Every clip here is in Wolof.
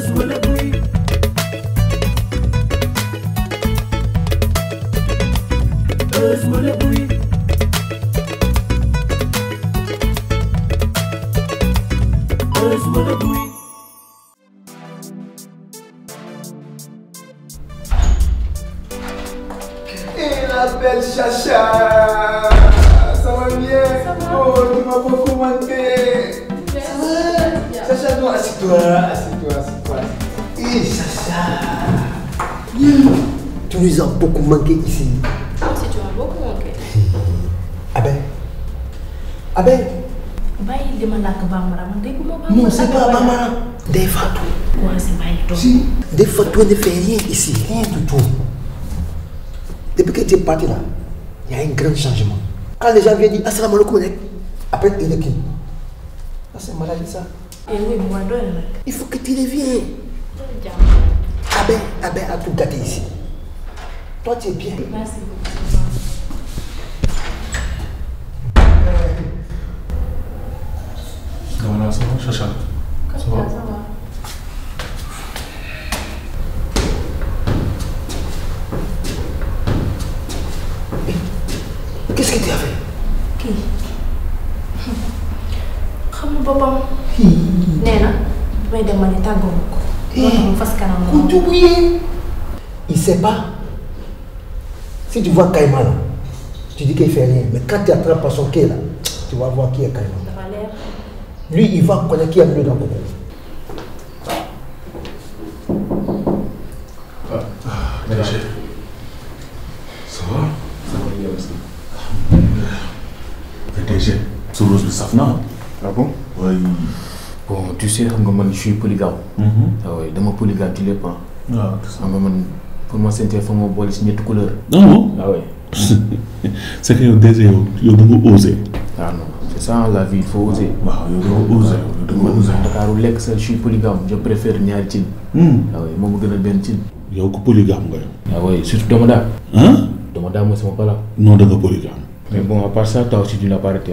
Christmas. peux ne faire rien ici, que y a un grand changement. Quand les gens viennent dire Assalamu alaikum, après il est qui ah, C'est maladie ça. Et eh oui, moi, Il faut que tu ah ah tout gâté ici. Toi, tu es boppam. nee na may dem ma ne tàggoo ko. Eh, moo tax fas si tu vois Caïman là tu dis qu'il fait rien mais quand tu attrapes par son quai là tu vas voir qui est Caïman. dafa leer. lui il va connaître qui est mieux dans ah, ah, ah, euh, le ah bon oui. bon tu sais xam nga man je suis polygame. waaw mhm. ah dama polygame ci lépp ah. waaw ma sentir fa ma boole si ñetti couleur. non ah non ah waaw waaw. c'est que yow déjà la vie il faut oser. waaw yow da hmm. nga osé yow da a surtout dama daa. ah. dama daa mooy sama pala. non da nga polygame. mais bon à part ça si du la parité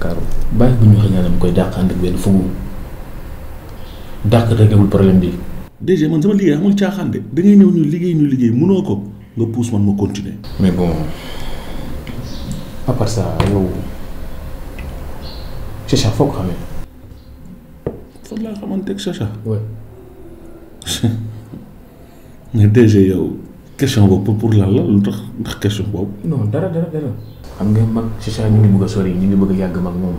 Ndakaaru bàyyi bu ñu xëñaanam koy dàq ànd ak benn fungu dàq réglewul problème bi. DG man sama liggéey amul caaxaan de da ngay ñëw ñu liggéey ñu liggéey mënoo ko nga puus man ma continuer. mais bon à part ça yow Chacha foo ko xamee. fan laa xamante ak Chacha. mais DG yow question boobu pour lan la lu tax ndax question boobu. non dara dara dara. xam nga mag Chicha ñu ngi bëgg a sori ñu ngi bëgg a yàgg mag moom.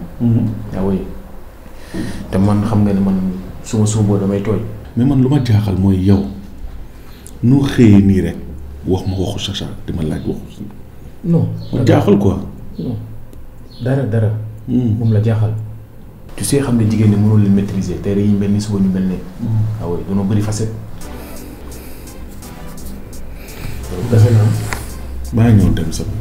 waaw mhm. ah te man xam nga ne man su ma suuboo damay tooy. mais man lu ma jaaxal mooy yow nu xëyee nii wax ma waxu Chacha di laaj waxu. non jaaxal ko non dara dara. Hmm. moom la jaaxal. tu sais xam ne jigéen ñi mënul leen maîtriser tey rek ñu mel ni suba ñu mel ne. waaw hmm. ah dañoo bëri facette. loolu dem sama.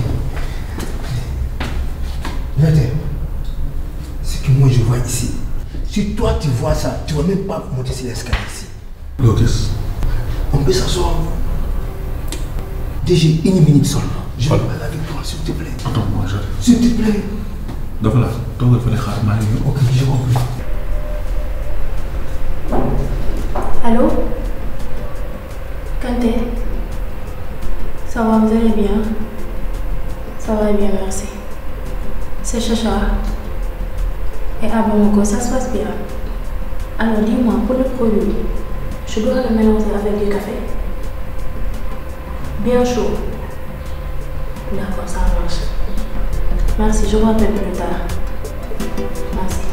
vois ça, tu vas même pas monter sur l'escalier ici. Locus. On peut s'asseoir. DG, une minute seulement. Je vais parler avec toi, s'il te plaît. Attends-moi, je. S'il te plaît. Donc là, donc il faut xaar maa ngi ñëw. ok je comprends. allô. Kanté. ça va vous allez bien. ça va bien merci. c'est Chacha. et à Bamako ça se passe bien. Alors dis-moi, pour le produit, je dois le mélanger avec du café Bien chaud. D'accord, ça marche. Merci, je vous rappelle plus tard. Merci.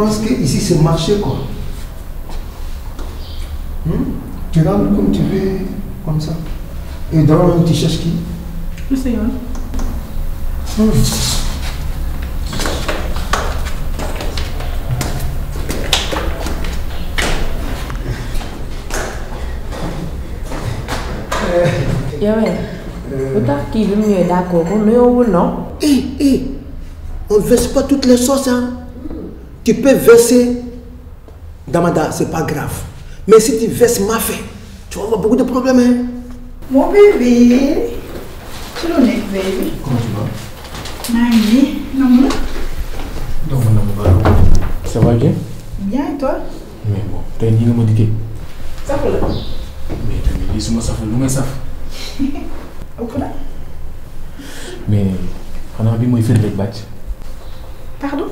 pense que ici c'est marché quoi. Hum? Tu rentres comme tu veux, comme ça. Et dehors, tu cherches qui Le Seigneur. Hum. yowee lu tax kii bi mu ñëwee d'accord ko nuyoowul non. eh eh on ne verse pas toutes les sauces hein. Tu peux verser Damada, c'est pas grave. Mais si tu verses ma fée, tu vas avoir beaucoup de problèmes. Hein? Mon bébé. Tu l'en es, bébé. Comment tu vas Marie, non, non. Non, non, non. Ça va bien Bien, et toi Mais bon, t'as une idée modifiée. Ça va là Mais t'as une idée, moi ça fait loin, ça. Au courant Mais, on a envie de me faire des batch. Pardon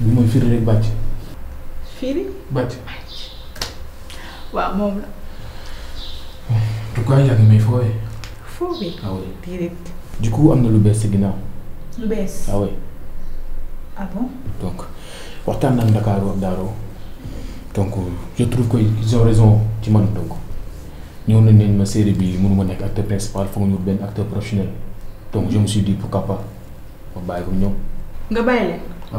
bi mooy firi rek bàcc. firi bàcc. waaw moom la. en tout cas yaa ngi may fooyee. fooyee. ah oui am na lu bees si ginnaaw. lu bees ah oui. ah donc waxtaan naan Dakar ak Daaro donc je trouve que ils raison ci man donc ñëw na ne ma série bi mënuma nekk acteur principal foog ñu benn acteur professionnel donc je me suis dit pourquoi pas bàyyi ko ñoom. nga bàyyi leen. ah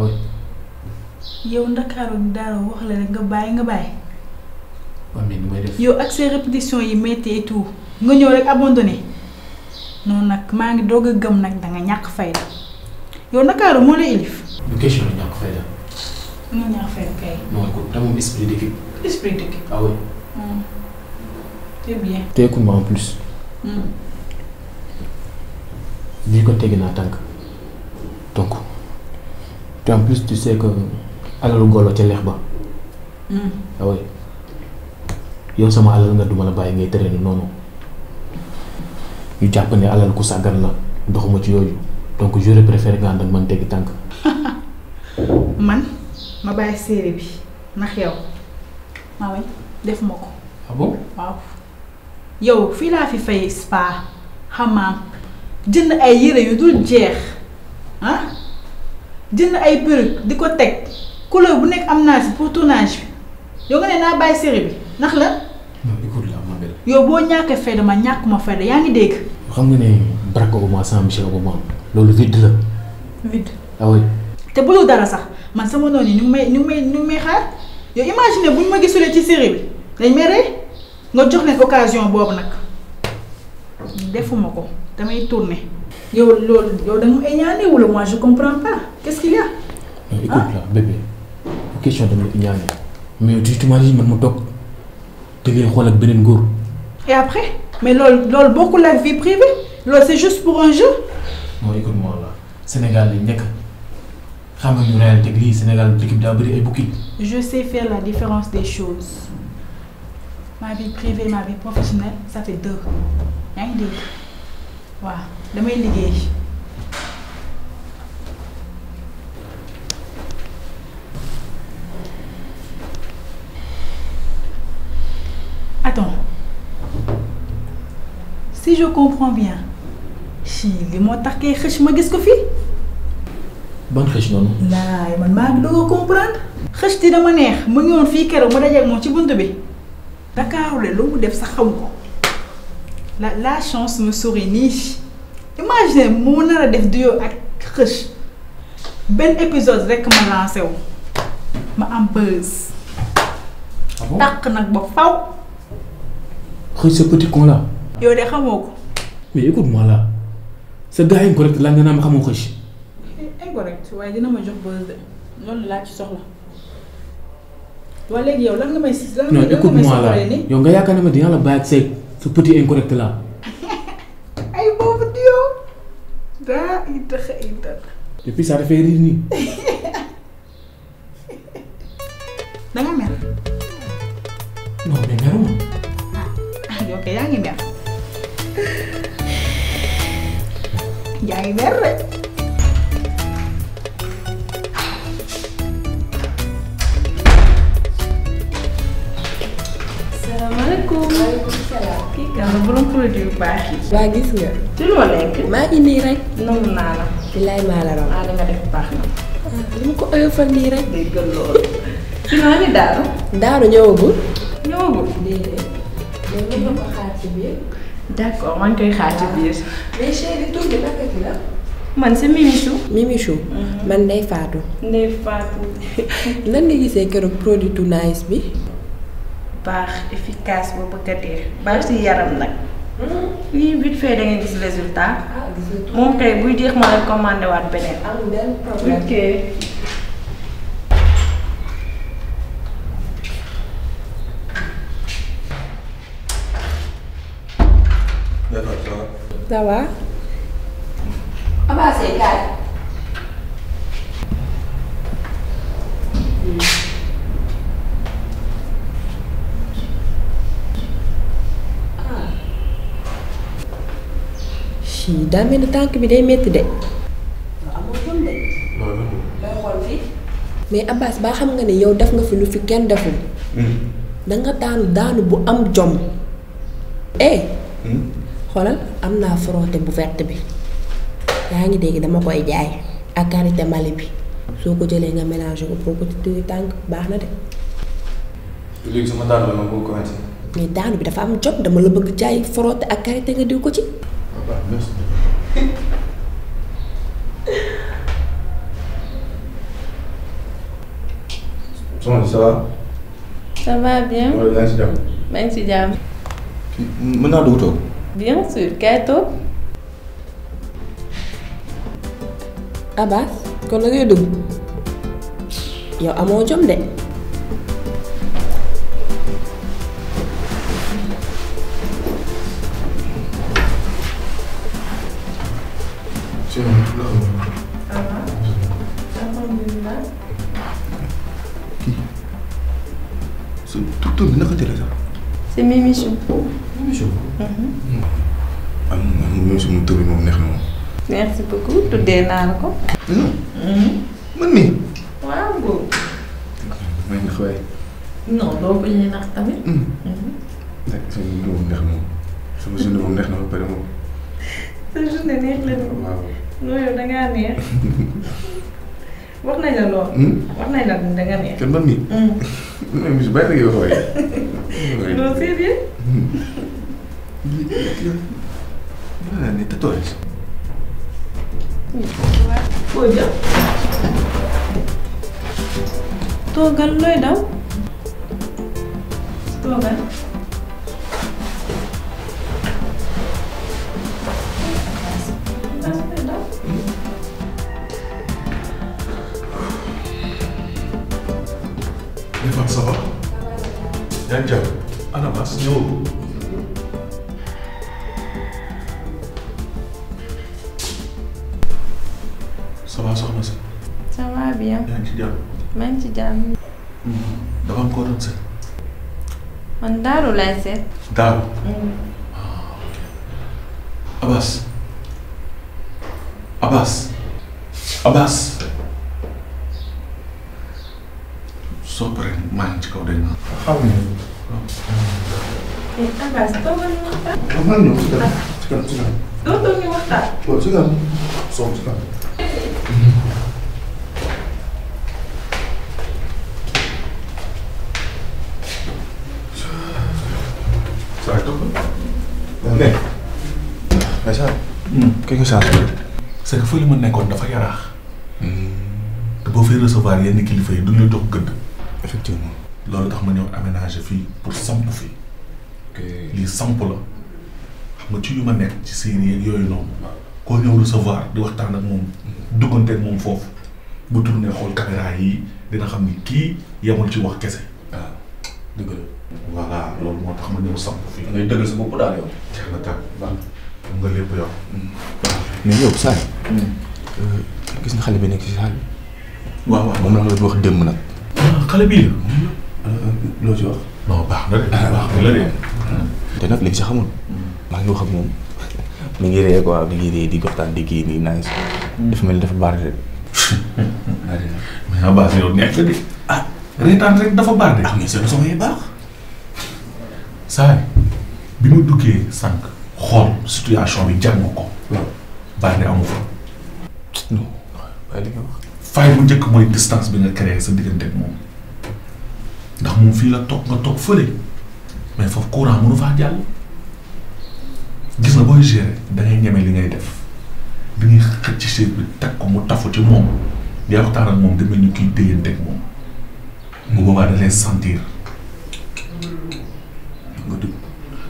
yow ndakaaru daara wax la rek nga bàyyi nga bàyyi. yow ak ses répétitions yi métti et nga ñëw rek abandonné noonu nag maa ngi doog a gëm nag danga ñàkk fayda yow ndakaaru moo lay ilif. du question la ñàkk fayda. nga ñàkk fayda kay. non ah hmm. bien. teeku ma en plus. Hmm. lii ko tegi naa tànk te en plus tu sais alalu golo ca leex ba. waaw hmm. ah sama alal nga duma la bàyyi ngay tere noonu ñu jàpp ne alal ku sàggan la doxuma ci yooyu donc j'aurais préféré nga ànd man teggi tànk. man ma bàyyi séeréer bi ndax yow maa weñ def ma ko. ah waaw. yow fii laa fi fay spa xamaam jënd ay yére yu dul jeex ah jënd ay perruque di ko teg. couleur bu nekk am naa si pour tournage bi yow nga ne naa bàyyi série bi ndax la. non yow boo ñàkkee fayda ma ñàkk ma fayda yaa ngi dégg. xam nga ne baraka au moins sans monsieur au moins loolu vide la. vide ah te bu dara sax man sama noonu ñu may ñu may ñu may xaar yow imagine bu ñu ma gisulee ci série bi dañ may nga jox leen occasion boobu nag defuma ko damay tourner. yow loolu yow da ay ñaanee wala moi je comprends pas qu'est-ce qu'il question dama la ñaanee mais tu t'imagines man ma toog te ngay xool ak beneen gor et après mais loolu loolu bokkul ak vie privée loolu se juste pour un jeu. non écoute-moi là Sénégal lañ nekk xam na ñu réalité lii Sénégal dëkk bi daa bëri ay bukki. je sais faire la différence des choses ma vie privée ma vie professionnelle ça fait deux yaa ngi dégg waaw damay liggéey. je comprends bien si li moo tax kay xëcc ma gis ko fii. ban xëcc noonu. laay man maa ngi doog a comprendre. xëcc di dama neex mu ngi woon fii keroog ma dajeeg moom ci bunt bi. Dakar lu mu def sax xaw ko la la chance me sourit nii imagine mu nar def duo ak xëcc benn épisode rek ma lancé wu ma am buzz. ah nag ba faw. xëy sa petit con là. yow de xamoo ko. mais écoute-moi là sa gars yi laa nga naa ma xamoo ko si. incorrect waaye dina ma jox buzz de loolu laa ci soxla. waa léegi yow lan nga may si lan nga may nga yaakaar ne ma dinaa la bàyyi ak sa petit incorrect là. ay boobu diyo daa it tax a it tax. dafay rire nii. bilaay maa la raw. li nga def baax na. li ma ko oyofal nii rek. day gën ñëwagul. ñëwagul. déedéet. mais nga koy xaar ci biir. Ah. mais chérie tur bi naka la. man si Mimichou. Mimichou. Mm-hmm. man Ndeye Fatou. Ndeye nga gisee keroog produit Nice bi. baax efficace ba bëgg baax si yaram nag. lii vite fait da gis résultat. Ah, moom tey buy jeex ma leen commandé waat beneen. amul kii daa tànk bi day metti de. mais Abbas baa xam nga ne yow def nga fi lu fi kenn deful. Hmm. da nga daanu daanu bu am jom. eh. Hmm. xoolal am naa frotté bu verte bi yaa ngi dégg dama koy jaay ak karité Mali bi soo ko jëlee nga mélangé ko boo ko tuuti tànk baax na de. léegi mais daanu bi dafa am jom dama la bëgg jaay frotté ak karité nga diw ko ci. soxna si bien. wala maa ngi si jàmm. mën naa dugg toog. bien sûr kaay toog. Abbas kon la ngay dugg yow amoo jom de. tur bi naka tëdd sax. c'est Mimi Chou. Mimi Chou. am na moom suñu tur bi moom neex na moom. tuddee naa la ko. Mhm. man mii. waaw boobu. may nax waaye. non doo ko ñuy nax tamit. moom hmm. mhm. neex na moom moom neex na ba pare moom. sa journée neex na moom. loolu yow da neex. wax nañ la lool. Hmm? wax nañ la da nga neex. te man mii. Hmm. même su bëri nga koy. non c'est bien. voilà ne tatouage. waaw foo jëm. toogal looy daw. toogal. va yaa ngi jàpp Anamas ñëw ça va soxna bien. yaa ngi ci jàmm. maa ngi ci jàmm. Mm-hmm. dafa am koo doon seet. man Daaru laay seet. Mm. Ah, soo paree maa ngi ci kaw day naan. xaw ma ne ñu. ci kanam quelque chose. c'est que fële ma nekkoon dafa yaraax. Hmm. te boo fay recevoir yenn kilifa yi du la jox gëdd. effectivement loolu tax ma ñëw aménager fii pour samp fii. lii samp la xam nga ci yu ma nekk ci seen yeeg yooyu noonu. koo ñëw recevoir di waxtaan ak moom. dugganteeg moom foofu. bu tourné xool caméra yi dina xam ni kii yemul ci wax kese. waaw ah, dëgg la. voilà loolu moo tax ma ñëw samp fii. ngay dëggal sa bopp daal yow. jeex na taal waaw. nga lépp yow. Mm. mais yow saa mm. euh, gis nga xale bi nekk ci saal bi. waaw waaw moom la nga doon wax démb nag. xale bii la. loo ci wax. non baax na de ah, baax na de. nag léegi sa xamul. maa ngi wax ak moom mi ngi ree quoi mi ngi ree di goxtaan di kii nii nice. dafa mel ni dafa baar de. mais en base yow nekk de ah dafa baar de. Ah, seen soxla yi baax. saa bi ma duggee sànq xool situation bi jàng ko. waaw baar de amu li nga wax. faay bu njëkk mooy distance bi nga créé sa diggante ak moom ndax moom fii la toog nga toog fële mais foofu courant mënu faa jàll gis nga booy gérer da ngay li ngay def bi ngay xëcc chaise bi teg ko mu tafu ci moom ngay waxtaan ak moom demee ñu kiy déyante ak moom bu boobaa da lay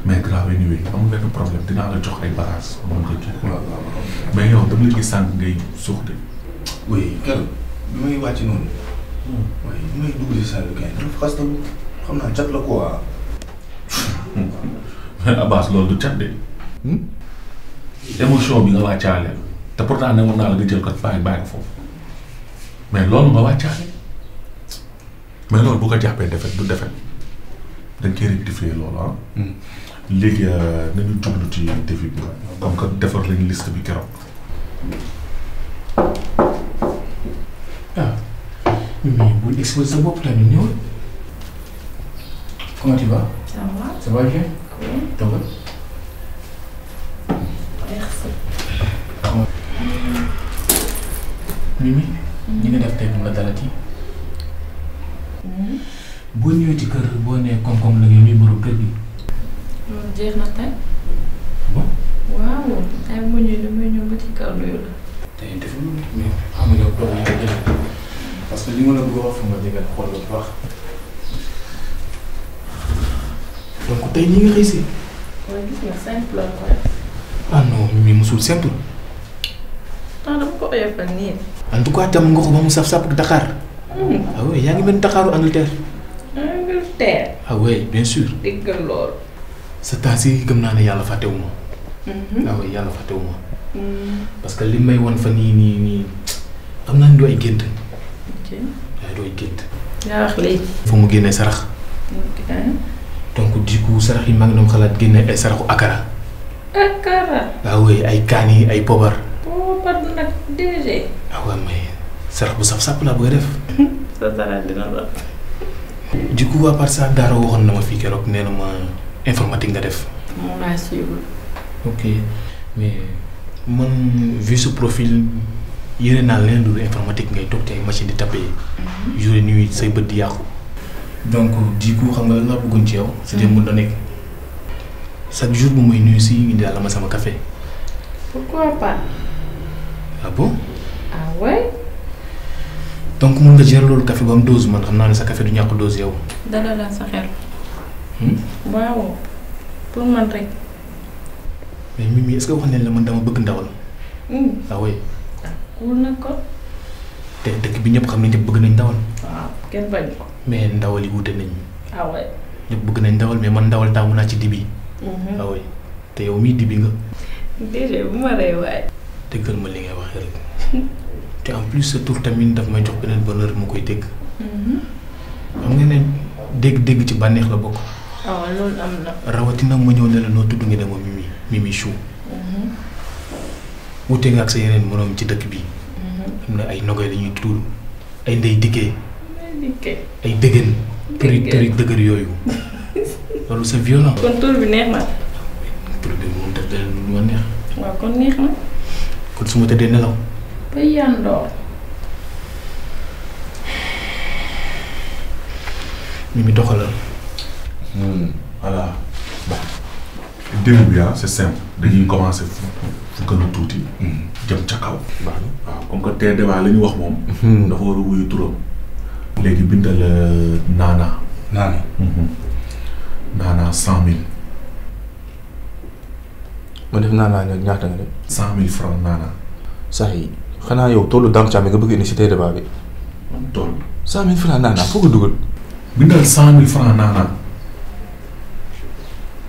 mais grave yi nii amul benn problème dinaa la jox ay barrage moom mais yow dama la gis sànq ngay suux oui keroog bi may wàcc noonu. Hmm. waaye bi may dugg si salle bi kay dafa xas tam xam naa cat la quoi. mais Abbas loolu du cat de. Hmm? émotion bi nga wàccaale te pourtant ne woon naa la nga jël ko bàyyi bàyyi ko foofu mais loolu nga wàccaale mais loolu bu ko jàppee defet du defet dañ koy rectifier loolu ah. Hmm. léegi euh, nañu jublu ci défi bi comme que defar lañu liste bi keroog. ah mais bul exposé sa bopp tamit ñëwal. comment tu vas. ça va ça va bien. oui toogal. merci. Mimi. ñu ngi def tey bu la dalati. Mm-hmm. boo ñëwee ci kër boo nee koom-koom la ngeen ñuy borom kër gi. loolu mm, jeex na tey. bon. waaw ay muñu li muy ñëw ba ci kaw nuyu la. tey defuñu mais amuñu problème parce que li ma la bëgg a wax nga jégal xool bu baax. donc tey ñu ngi xëy si. waaye gis nga simple la ah ko def. Hmm. ah ngi musul mu saf sàpp Dakar. ah yaa ngi mel Dakaru Angleterre. Angleterre. ah bien sûr. dégg lool. sa taas gëm naa ne yàlla fàttewu ma. Mhm. ah hmm. parce que li may won fa nii nii nii xam naa ne du ay gént. yaay dooy gént. yaa wax lii. fa mu génnee sarax. donc du coup sarax yi maa ngi doon xalaat génne ay saraxu akara. akara. waaw ah oui ay kaan yi ay pobar. pobar nag DG. Ah sarax bu saf sàpp laa bëgg a def. sa sarax dina saf. du coup à part ma fii keroog nee na ma informatique nga def. man vu profil. yéene naa leen lu informatique ngay toog ci ay machine di tapé jour et say bët di yàqu. donc du coup xam nga lan laa bëggoon ci yow. c' était mun na nekk chaque jour bu may nuyu si indi daal ma sama café. Ah ah xam naa ne sa café du ñàkk dose yow. dalal la sa xel. Hmm? waaw pour man rek. mais Mimi est-ce wax nañ la man dama bëgg ndawal. Hmm. ah oui. wul na ko. te dëkk bi ñëpp xam nañ ne bëgg nañ ndawal. waaw kenn bañ ko. mais ndawal yi wute nañ. waaw ah waay. ñëpp bëgg nañ ndawal mais man ndawal taamu naa ci dibi. waaw mhm. ah te yow mii dibi nga. déedéet bu ma rey waay. dëggal ma li ngay wax rek te en plus sa tur tamit daf may jox beneen bonheur mu koy dégg. Mhm. xam nga dégg-dégg ci bànneex la bokk. waaw ah loolu am na. rawatina ma ñëw ne la noo tudd nga ne Mimi Mimi Chou. wute nga ak sa yeneen moroom ci dëkk bi. Mhm. am na ay nogay la ñuy tuur ay ndey dikkee. ay dëgën. tëri tëri dëgër yooyu loolu c'est violent. kon tur bi neex na. tur bi moom daf leen lu kon neex tëddee nelaw. ba yàndoor. mi ngi doxalal. Hmm, voilà bon. déglu bi ah c'est dañuy commencer. fu gën tuuti. Mhm. jëm ca kaw. waaw comme que tey débat la wax moom. Mhm. dafa war a wuyu turam. léegi bindal euh, naana. naana. Mhm. naana cent mille. ma def naana ñoom ñaata nga def. cent mille franc naana. saa yi xanaa yow toolu Dame Thiam nga bëggee indi si tey débat bi. tool cent mille franc naana foo dugal. bindal cent mille franc naana.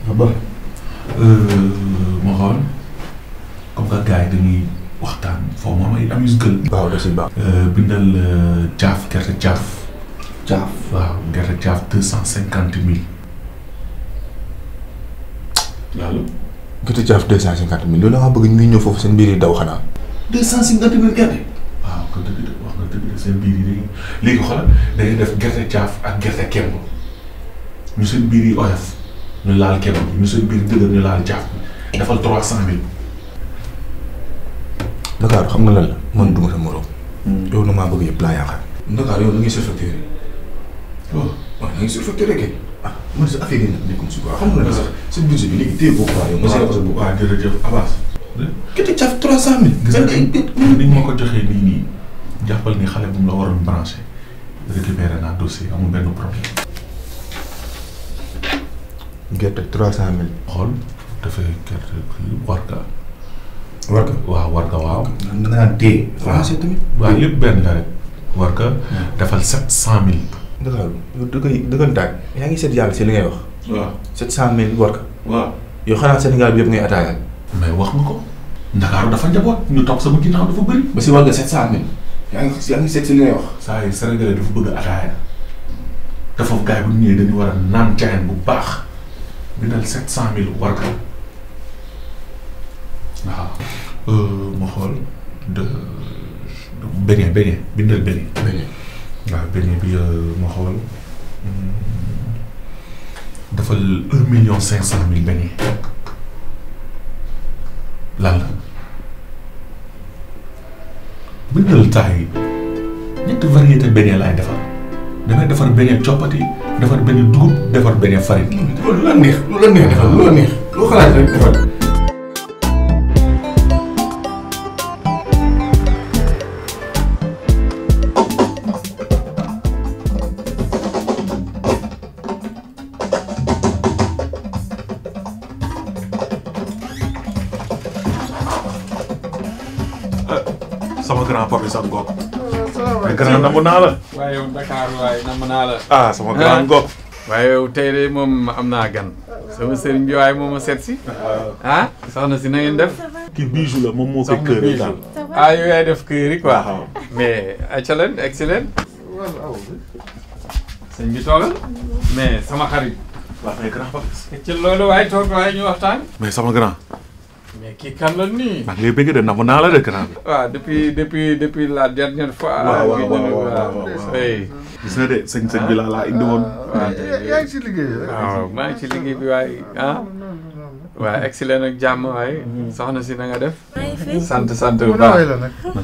waaw ah ba. Euh, comme que gars yi dañuy waxtaan foo mu am waaw da siy baax. Euh, bindal caaf euh, gerte caaf. caaf waaw gerte caaf deux cent cinquante mille. yàlla. gerte caaf deux cent cinquante mille loolu laa bëgg ñuy ñëw foofu seen biir yi daw xanaa. deux cent cinquante mille gerte. waaw kon dëgg seen biir yi léegi xoolal dañuy def gerte caaf ak gerte kemb ñu seen biir yi oyof ñu laal kemb ñu seen biir dëgër ñu laal caaf defal trois cent mille. Dakar xam nga lan la hmm. man duma sa morom. Hmm. yow na bëgg yëpp laa yàq. Dakar yow da ngay surfacturé waaw oh. waaw da ngay surfacturé kay ah man sa affaire yi nag nekkul si quoi ah. yow. Ah, cent mille. gis ma ko joxee nii nii jàppal ni xale bu la waroon branché récupéré naa dossier amul benn problème. gerte trois cent mille. xool dafay gerte war ka warka waaw warka waaw. na naan téye. français tamit. lépp benn la rek. warka hmm. defal sept cent mille. dëgg la da yaa ngi seet yàlla si li ngay wax. waaw sept cent mille warka. waaw yow xanaa Sénégal bi yëpp ngay attaayal. mais wax nga ko. Ndakaaru dafa njaboot ñu toog sama ginnaaw dafa bëri. ba si warka sept cent mille. yaa ngi yaa si li ngay wax. saa yu Sénégalais dafa bëgg attaaya. te foofu gars bu ñu ñëwee dañu war a naan caayam bu baax. bindal sept cent mille warka waaw. Euh, ma xool de beñe beñe bindal beñe. beñe waaw beñe bi euh, ma xool hmm, defal un million cinq cent mille beñe lan la bindal taay yi ñetti variété beñe laay defar damay defar beñe coppati defar beñe dugub defar beñe farine. lu la neex lu la neex defal lu la neex loo xalaat rek defal. namm naa la. waaye yow Dakar waaye namm naa la. Ah, sama ah. grand gox. waaye yow tey de moom am naa gan. sama sëriñ bi waaye moom a seet si. ah, ah soxna si na ngeen def. ki bijou la moom moo koy kër yi daal. mais acca leen excellent. sëñ bi toogal. mais sama xarit. waaw mais waaye toog waaye ñu waxtaan. mais sama grand. mais kii kan la nii. maa ngi lay bëgg de namm naa la de grand bi. Ah, depuis depuis la dernière fois. waaw waaw waaw waaw gis na de sëñ sëñ bi laa laa ah, ah, eh, eh, eh? maa ngi ci liggéey bi waaye ah. waaw jàmm waaye. Mm. soxna si na nga def. sant sant bu baax.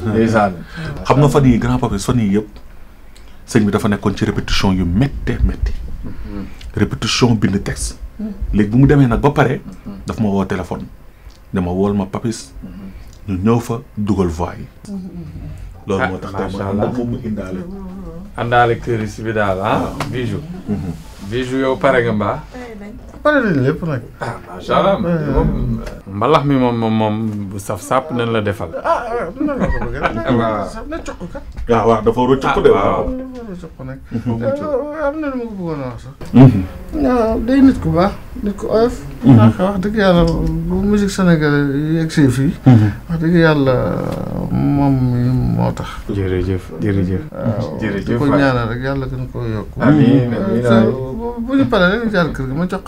ndeysaan. xam nga fan yii grand papa fan yëpp sëñ bi dafa nekkoon ci répétition yu méttee métti. Mm-hmm. répétition bind texte. léegi bu mu demee nag ba pare. Mm-hmm. daf ma woo téléphone. dama wool ma papis mhm. ñu ñëw fa dugal voix yi mhm, mhm, loolu ah, moo tax tey ma ànd bi daal ah, ah. Mhm. bijou. yow pare nga mbaa. pare nañ lépp nag. Ah, eh. mbalax mi moom moom moom bu saf sàpp nañ la defal. ah waaw waaw dafa war a cukk mhm. de waaw. am na lu ma ko wax sax. Mhm. day nit ku baax nit ku oyof. ndax wax dëgg yàlla bu musique sénégalais yi egg fii. wax dëgg yàlla moom. moo tax. jërëjëf jërëjëf. Ah, jërëjëf waaw ko ñaanal rek yàlla gën koo yokk. amiin bu ñu paree rek ñu jaar kër gi ma jox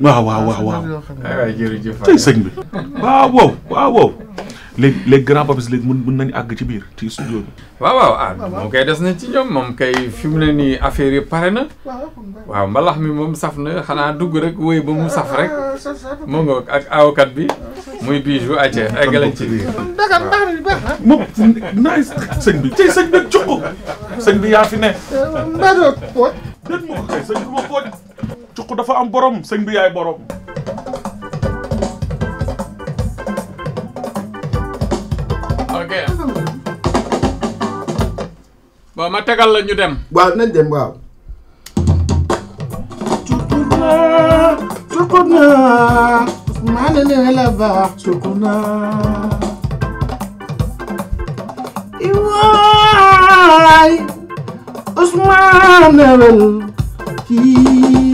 waaw waaw waaw waaw aywa jërëjëf tey sëñ bi waaw wow grand papis léegi mun nañu àgg ci biir ci studio bi. waaw waaw ah moom kay des na ci ñoom moom kay fi mu ne nii affaire yi pare na waaw mbalax mi moom saf na xanaa dugg rek wéy ba mu saf rek mu nga awkat bi muy bijou àcce eggalañ ci biir. daka naay sëñ bi tey sëñ bi jox ko bi yaa fi ne. cuq dafa am borom sëñ bi yaay borom ok waaw ma tegal la ñu dem waaw nañ dem waaw cuqut naa cuqut naa Ousmane ne la baax cuqut naa iwaay Ousmane wel kii